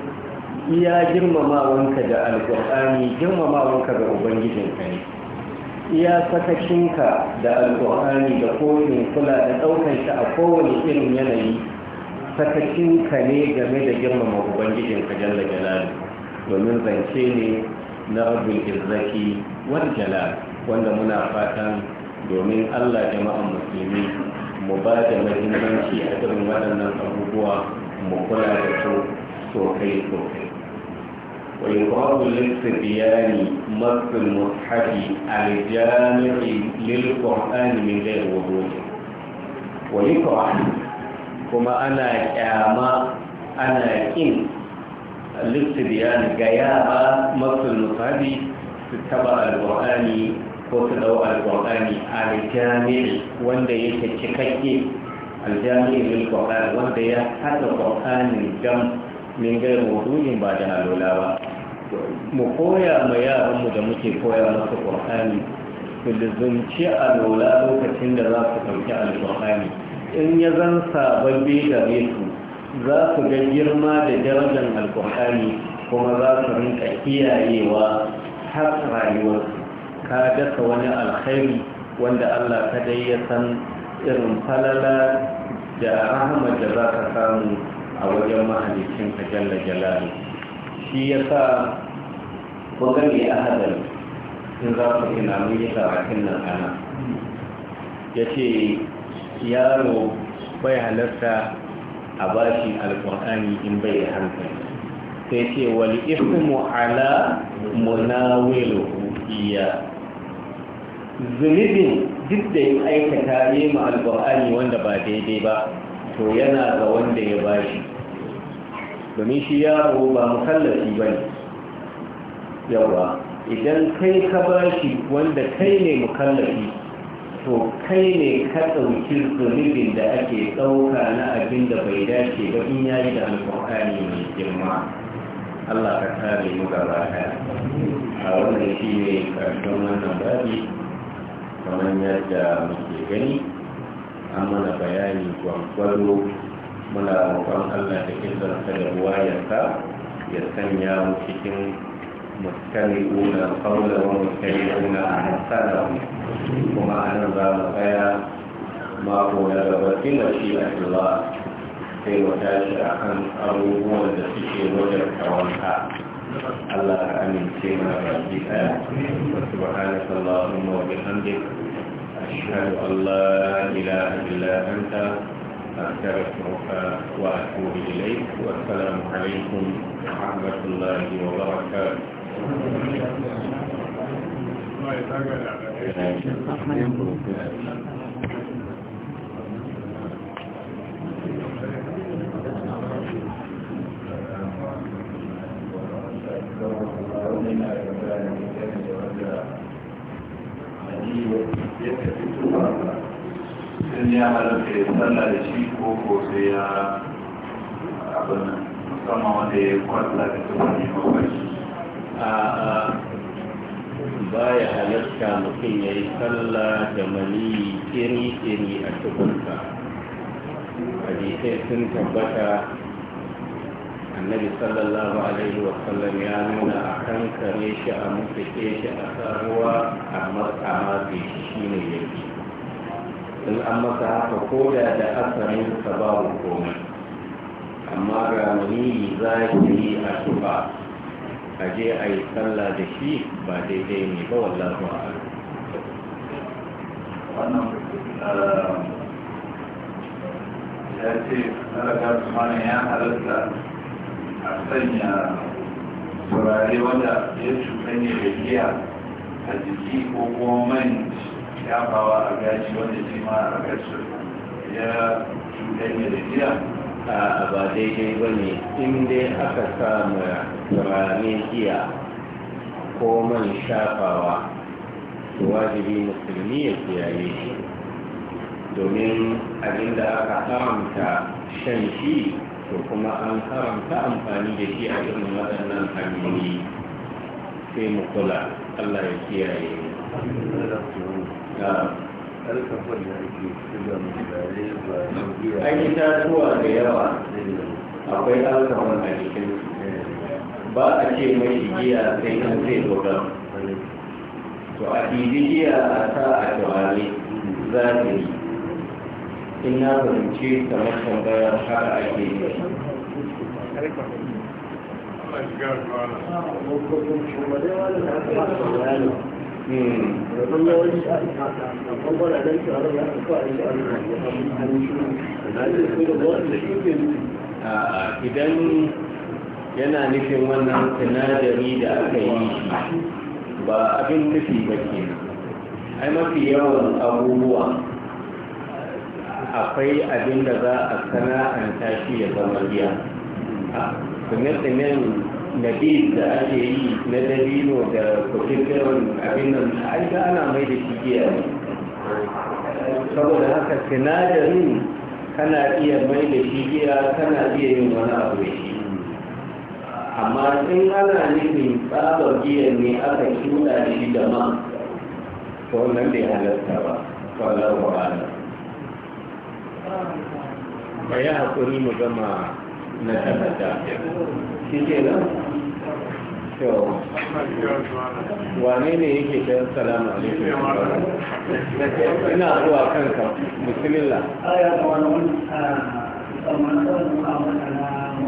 iya girmamawanka da alkur'ani girmamawanka ga ka ne iya sakacinka da alkur'ani da kofin kula da ɗaukan shi a kowane irin yanayi sakacinka ne game da girmama ubangijinka jalla jalalu domin zance ne na rabin izzaki wal wanda muna fatan domin Allah jama'an musulmi mu ba da mahimmanci a irin waɗannan abubuwa mu kula da su sosai sosai wa yuqalu lis-sibyani masu mushafi al-jami'i lil-qur'ani min ghayri wudu'i wa kuma ana kyama ana kin lissibiyan ga yara masu nufabi su taba alƙur'ani ko su a al aljami'i wanda yake cikakke aljami'i lil qur'an wanda ya haɗa qur'anin gam min gairu wudu'in ba da alola ba mu koya ma yaran mu da muke koya masu qur'ani su lizumci alola lokacin da za su Al-Qur'ani. in ya zan sababbi da su za su ga girma da darajar alkur'ani kuma za su rinka kiyayewa har rayuwar ka dasa wani alkhairi wanda allah kadai ya san irin falala da rahama da za ka samu a wajen mahalicin ka jalla jalali shi ya sa gani a hadal in za su ina mun yi karatun nan ana ya ce yaro bai halarta a bashi alkur'ani in bai da hankali sai ce wal ismu ala munawilu iya zunubin duk da ya aikata yi ma alkur'ani wanda ba daidai ba to yana ga wanda ya bashi domin shi yaro ba mukallafi ba ne yawa idan kai ka bashi wanda kai ne mukallafi to kai ne ka ɗauki zunubin da ake ɗauka na abin da bai dace ba in ya yi da alƙur'ani mai girma Allah ka kare mu gaba baka a wannan shi ne ƙarshen wannan babi kamar yadda muke gani an mana bayani gwangwado muna roƙon Allah da kin zarta da ruwa ya sanya mu cikin مكتملون القول ومكتملون أحسانهم ثم أن ذلك ما هو يدرك إلا شيء الله في وجاجة أن أروه ودسي شيء وجد الله أمين سيما ربك وسبحانك اللهم وبحمدك أشهد أن لا إله إلا أنت أستغفرك وأتوب إليك والسلام عليكم ورحمة الله وبركاته ya halatta ya da ko ya abin musamman wanda ya da tufafi ba ya halatta mutum ya yi sallah da mani iri-iri a cikinsa jikin sun tabbata annabi sallallahu alaihi sallam ya nuna a kan kare shi a mutuke shi a saruwa a matsa shi ne ya fi. in an masa haka koda da asarin sa babu komai amma ga mani za ki yi a tuba a je a yi sallah da shi ba daidai ne ba wallahu a'lam wannan eh, ya ce alaƙa tsamanin ya halatta a sanya turare wanda ya cuɗanye da giya a jiki ko kuma man shafawa a gashi wanda shi ma a gashi ya cuɗanye da giya a ba daidai ba ne in dai aka samu turare giya ko man shafawa wajibi musulmi ya kiyaye shi domin abinda aka haramta shan shi to kuma an haramta amfani da shi a irin waɗannan hanyoyi sai mu kula allah ya kiyaye an yi da yawa akwai alkafon a jikinsu ba a ce mai giya sai an zai dogara to a ɗibi giya a sa a turare za ta yi in na fahimci kamar tambayar har ke yi hmm. idan yana nufin wannan sinadari da aka yi ba abin nufi ba ke ai mafi yawan abubuwa akwai abin da za a sana'anta shi ya zama biya tsinin da ake yi na dabino da kusurkirin saboda haka kana da kana iya yin wani abu amma sai ana nufin tsabar giyan ne aka kiwuda shi da man to nan bai halatta ba kwallar wa'ala ba ya haƙuri mu gama na takarda shi ke nan kyau wane ne yake ta salamu alaikum ina zuwa kanka bismillah aya ta wani a ah, mu'amala da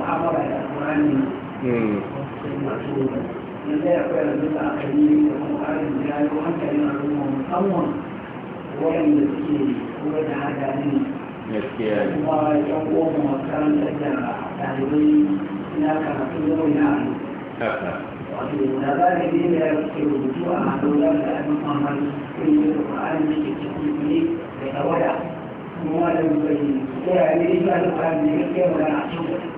alƙur'ani waɗanda suke kuma da hada ne kuma yan goma makarantar da ɗalibai na karatu yau na wato da za ka yi da ke rubutu a hannunan da abin mamari sai yi da ƙwa'ani da ke ciki ne da tawada kuma da bai tsaya ne da ya da ƙwa'ani da ya ke wani a cikin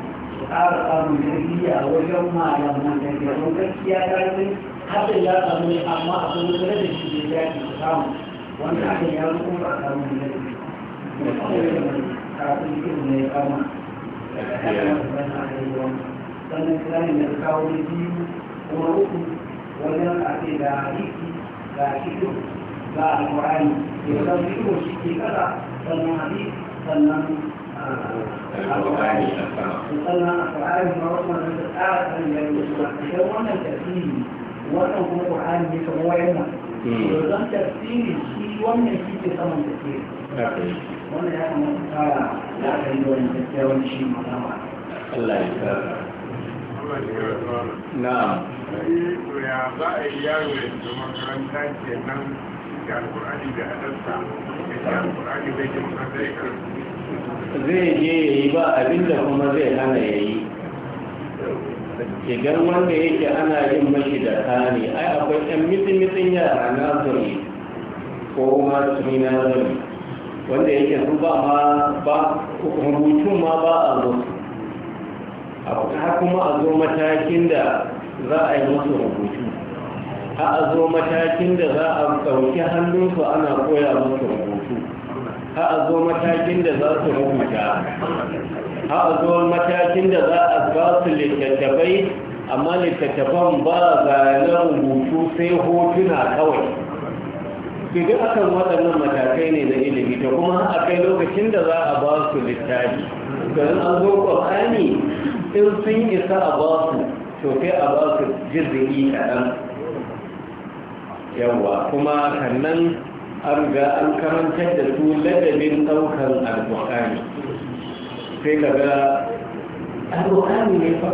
ƙara samun tarbiyya a wajen malaman da ke don gaskiya ƙarfin haɗin ya samu ne amma a kuma kula da shi da ya ke samu wanda aka ya zo kuma a samu ne kafin irin ne kama sannan kiranin da kawo ne biyu kuma uku wajen a ce da hiki da ga alƙur'ani ke zama shi ke kasa sannan hadisi sannan القرآن السماء. يسمى أفعال مرسمة أعلى من الإسلام. وأنا تأثيري وأنا هو القرآن بسموعنا. وأنا تأثيري شيء وأنا شيء ثمن تأثيري. وأنا يا أخي مختار لا أريد أن تتكلم zai je ya yi ba abinda kuma zai hana ya yi Shigar wanda yake ana yin mashi da kane ai akwai ɗan mitin-mitin yara na zuri ko masu na zuri wanda yake su ba ma ba rubutun ma ba a zo A kuma a zo matakin da za a yi musu rubutu A a zo matakin da za a ɗauki hannunsu ana koya musu rubutu ha a zo matakin da za su rubuta ha a zo matakin da za a ba su littattafai amma littattafan ba zanen rubutu sai hotuna kawai su ga akan waɗannan matakai ne na ilimi ta kuma a kai lokacin da za a ba su littafi don an zo ƙwaƙani in sun isa a ba su to sai a ba su jirgin kaɗan yawwa kuma kannan an ga an karantar da su ladabin ɗaukar alƙur'ani sai ka ga alƙur'ani ne fa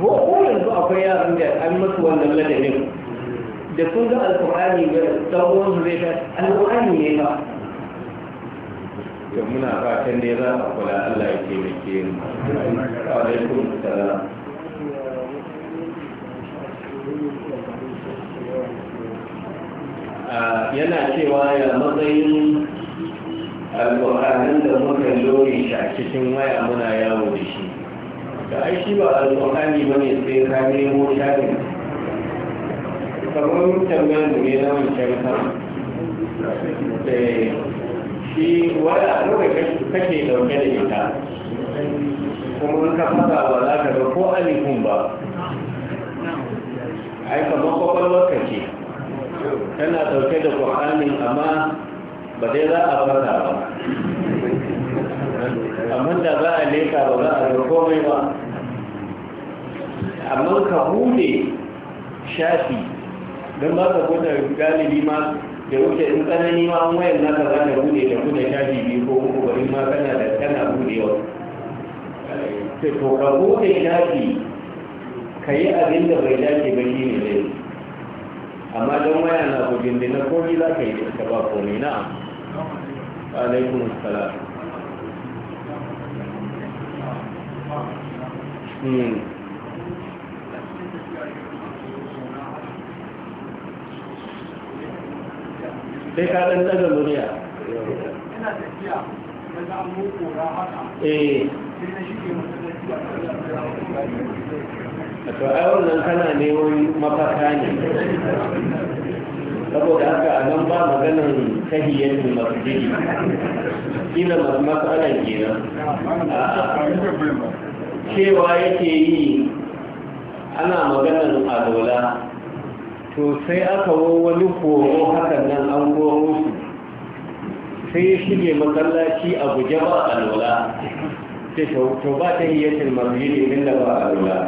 ko yanzu akwai yaran da an masu wannan ladabin da kun ga alƙur'ani ga ɗan'uwan su zai ta alƙur'ani ne fa da muna fatan ne za a kula Allah ya taimake mu alaikum salam yana cewa ya matsayin alƙur'anin da muka lori shi a cikin waya muna yawo da shi da ai shi ba alƙur'ani ba ne sai ka nemo shafin kamar tambayar da ne na wancan sama da eh, shi wani abu da kake dauke da ita kuma ka fata ba za ka ga ko alifun ba ai kamar kwakwalwar ka tana dauke da qur'ani amma ba dai za a fara ba amma da za a leka ba za a ga komai ba amma ka bude shafi don ba ka bude galibi ma da wuce in tsanani ma an wayan naka za ka bude da bude shafi biyu ko uku bari ma kana da kana budewa to ka bude shafi ka yi abin da bai dace ba shi ne amma don waya na gudun da na komi za ka yi da ka ba komi na alaikun Sala. Hmm. sai ka ɗan ɗaga murya ina tafiya na kora haka eh to ai wannan kana neman mafaka ne saboda haka a nan ba maganan tahiyyar masjidi ina matsalan kenan cewa yake yi ana maganan alola to sai aka wani horo hakan nan an goro su sai ya shige matsalaci a guje ba alola ce to ba ta hiyyatin masjidi idan da ba alola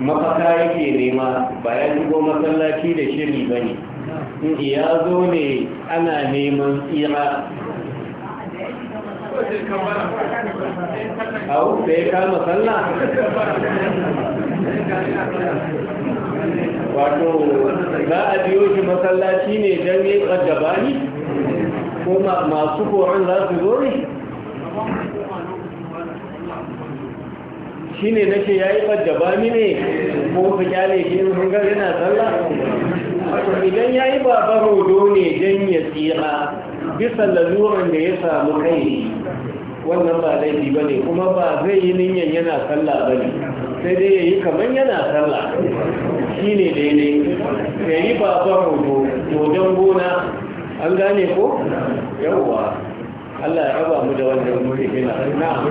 mafaka yake nema ba ya shigo masallaci da shiri ba ne ya zo ne ana neman tsira au sai ka masalla? wato za a biyo shi masallaci ne don yi bani? ko masu koran za su zo ne shi ne na ce ya yi ɓadda ni ne ko ka kyale shi in gari na sallah idan ya yi babar rodo ne don ya tsira bisa laluran da ya samu kai wannan ba laifi ba ne kuma ba zai yi niyan yana sallah ba ne sai dai ya yi kamar yana sallah shi ne daidai ya yi babar rodo gona an gane ko yawwa Allah ya raba mu da wannan muhimmin na'am na'am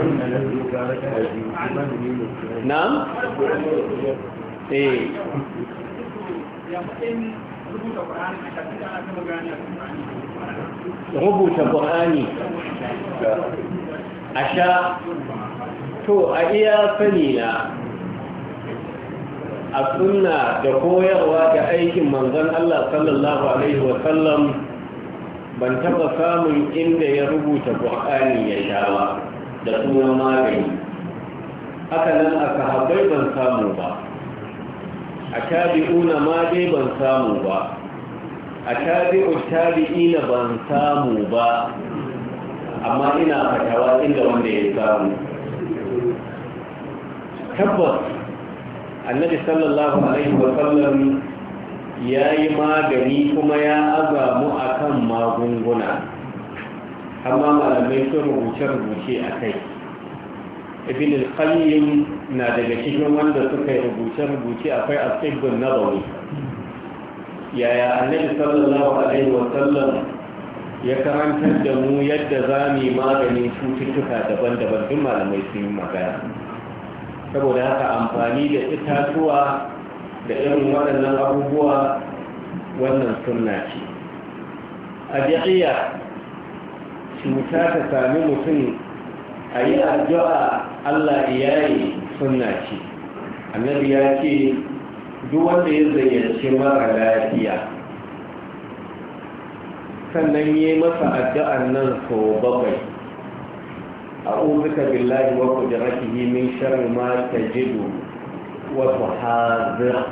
eh rubuta ƙwa'ani a sha to a iya sani na a suna da koyarwa da aikin manzan Allah sallallahu Alaihi wa Sallam. ban taba samun inda ya rubuta ƙwa'ani ya sha ba da suna magani haka nan a sahabbai ban samu ba a tabi'una ma dai ban samu ba a tabi'u tabi'ina ban samu ba amma ina fatawa inda wanda ya samu tabbas annabi sallallahu alaihi wasallam ya yi magani kuma ya magunguna amma malamai sun rubuce-rubuce a kai ibn al na daga cikin wanda suka yi rubuce-rubuce akwai na nabawi yaya annabi sallallahu alaihi wa ya karantar da mu yadda za mu yi maganin cututtuka daban-daban duk malamai sun yi magana saboda haka amfani da itatuwa da irin waɗannan abubuwa wannan sunna ce addu'a cuta ta sami mutum a yi addu'a Allah ya yi sunna ce annabi ya ce duk wanda ya zayyace mara lafiya sannan yi masa addu'an nan ko bakwai a uzuka billahi wa kudratihi min sharri ma tajidu wa tuhazir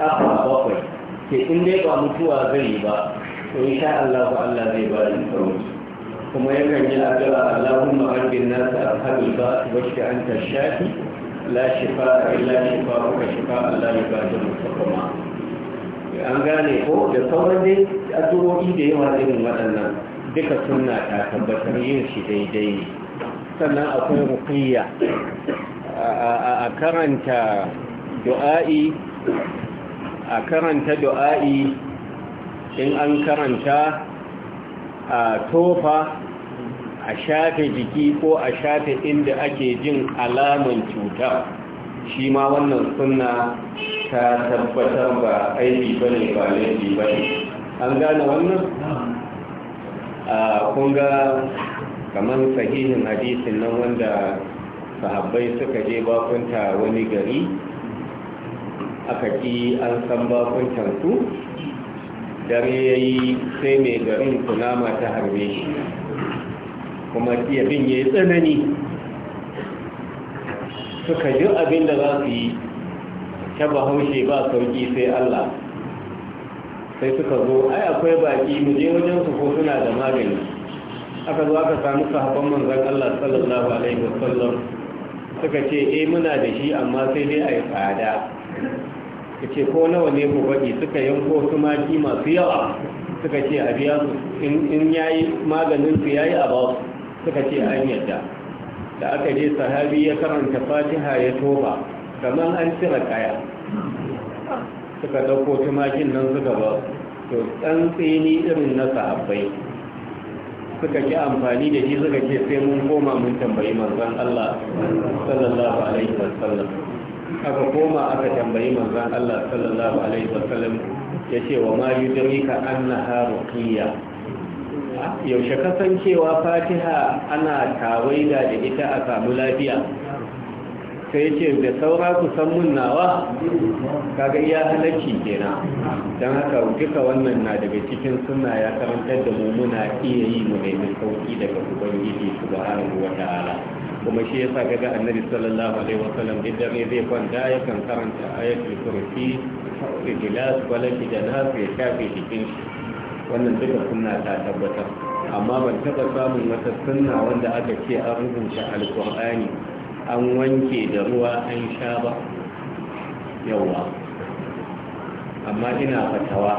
kafa bakwai ke in dai ba mutuwa zai ba in sha Allah Allah zai ba ni sauki kuma ya kan yi addu'a Allahumma arbin nas alhadul ba wacce anta shafi la shifa illa shifa ka shifa Allah ya ba da mutakama an gane ko da sauran dai addu'o'i da yawa irin waɗannan duka sunna ta tabbatar yin shi daidai ne sannan akwai ruqiyya a karanta du'a'i a karanta du'a'i in an karanta a tofa a shafe jiki ko a shafe inda ake jin alaman cuta shi ma wannan suna ta tabbatar ba aiki ba ne ba laifi ba ne an gane wannan? a kunga kamar sahihin hadisin nan wanda sahabbai suka je bakunta wani gari aka ki an san bakuntansu dare ya yi sai mai garin kunama ta harbe shi kuma yabin ya yi tsanani suka ji abin da za su yi ta bahaushe ba sauki sai allah sai suka zo ai akwai baki mu je wajen su ko suna da magani aka zo aka samu sahabban manzon Allah sallallahu alaihi wasallam suka ce eh muna da shi amma sai dai yi tsada ya ce ko nawa ne ku baƙi suka yanko tumaki masu yawa suka ce a biya su in ya maganin su ya yi a ba suka ce an yadda da aka je sahabi ya karanta fatiha ya toba kamar an cire kaya suka ɗauko tumakin nan suka ba to dan tsini irin na sahabbai suka ki amfani da shi suka ce sai mun koma mun tambayi manzon Allah sallallahu alaihi wasallam aka koma aka tambayi manzan Allah sallallahu alaihi wasallam ya ce wa ma yi jami'a annaha ruqiyya yaushe kasancewa fatiha ana tawaida da ita a samu lafiya sai ce da saura ku san munnawa kaga iya halacci kenan don haka duka wannan na daga cikin suna ya karantar da mu muna iya yi mu mai sauki daga ubangiji subhanahu wata ta'ala kuma shi ya yasa kaga annabi sallallahu alaihi wasallam idan ne zai kwanta ya kan karanta ayatul kursi da gilas balaki da nasu ya shafe jikin shi wannan duka sunna ta tabbatar amma ban taba samun wata sunna wanda aka ce an rubuta alqur'ani an wanke da ruwa an sha ba yawa amma ina fatawa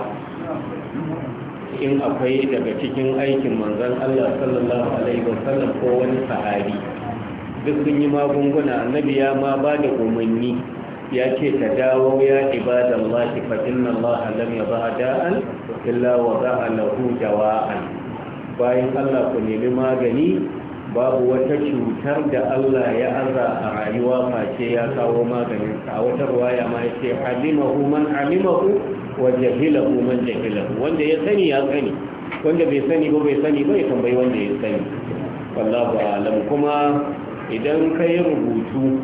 in akwai daga cikin aikin manzon Allah sallallahu alaihi wa sallam ko wani sahabi duk sun yi magunguna annabi ya ma ba da umarni ya ce ta dawo ya ibadan lafi fatin Allah lam ya ba da'an illa wa za'a lahu dawa'an bayan Allah ku nemi magani babu wata cutar da Allah ya arza a rayuwa face ya kawo maganin a wata ruwaya ma ya ce alimahu man alimahu wa jahilahu man jahilahu wanda ya sani ya sani wanda bai sani ba bai sani ba ya tambayi wanda ya sani wallahu alam kuma idan ka yi rubutu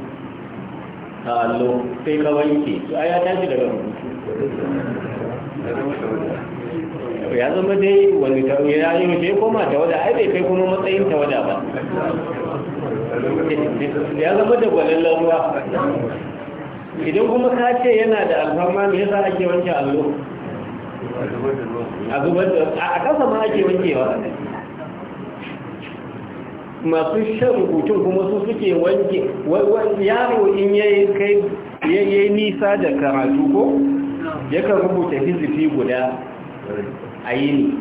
a allo sai ka wanke su a ya tashi daga rubutu ya zama dai wani ta ya yi mace koma ta wada ai bai kai kuma matsayin ta wada ba ya zama da gwanin ruwa idan kuma ka ce yana da alfama me yasa ake wanke allo a zubar da a kasa ma ake wa masu shan rubutun kuma su suke wanke yaro in yayi nisa da karatu ko yakan rubuta hizifi guda a yini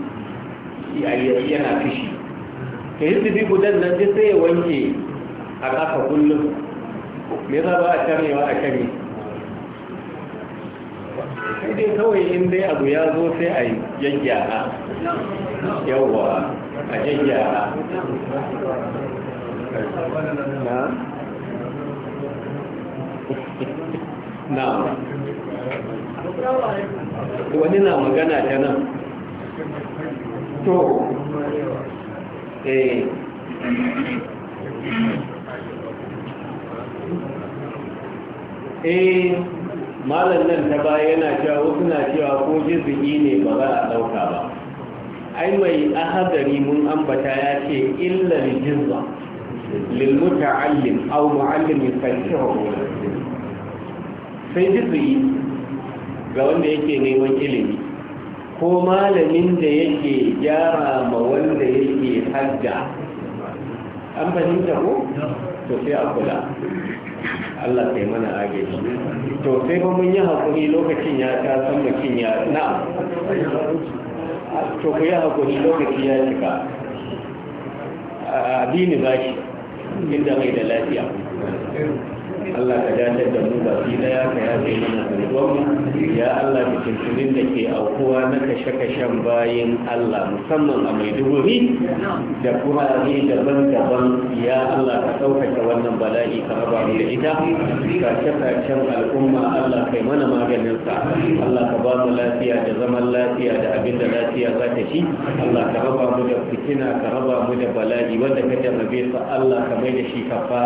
yana fishi ta hizifi gudan nan duk sai ya wanke a ƙasa kullum me za ba a karewa a kare sai dai kawai in dai abu ya zo sai a yaggyara yawwa a jayya na na wani na magana ta nan to eh eh malam nan ta baya yana cewa wasu na cewa ko jirgi ne ba za a ɗauka ba ai a hadari mun ambata ya ce illa lijizwa lil muta'allim aw mu'allim yufassiru sai jirgi ga wanda yake neman ilimi ko malamin da yake gyara ma wanda yake hajja an fahimta ko to sai a kula Allah sai mana age to sai ba mun yi hakuri lokacin ya ta san mutum ya na'am to ku yi hakuri lokaci ya cika a bi ni shi inda mai da lafiya Allah ka dace da mu ba fi daya ka yafe mana zurfin ya Allah da tuntunin da ke aukuwa na kashe-kashen bayan Allah musamman a mai Maiduguri da kurare daban-daban ya Allah ka ɗaukaka wannan bala'i ka raba mu da ita ka kace-kacen al'umma Allah kai mana maganin maganinsa Allah ka ba mu lafiya da zaman lafiya da abin da lafiya za ta ci Allah ka raba mu da fitina ka raba mu da bala'i wanda ka jarrabe su Allah ka mai da shi kafa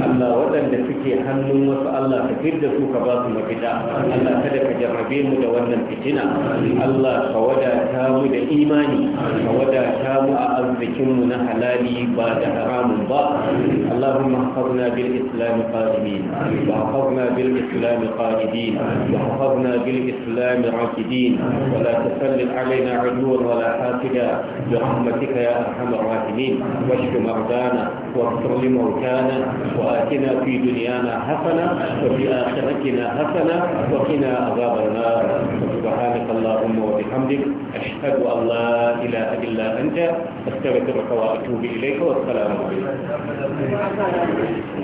Allah waɗanda suke hannun wasu Allah ka da su ka ba su mafita Allah kada ka jarrabe mu da wannan fitina Allah ka wadata mu da imani ka wadata mu a arzikin mu na halali ba da haramun ba Allahumma hafizna bil islam qadimin wa hafizna bil islam qadidin wa hafizna bil islam raqidin wa la tusallit alaina aduwan wa la hasida bi rahmatika ya arhamar rahimin washfi mardana واغفر لموتانا واتنا في دنيانا دنيانا حسنة وفي آخرتنا حسنة وقنا عذاب النار سبحانك اللهم وبحمدك أشهد أن لا إله إلا أنت أستغفرك وأتوب إليك والسلام عليكم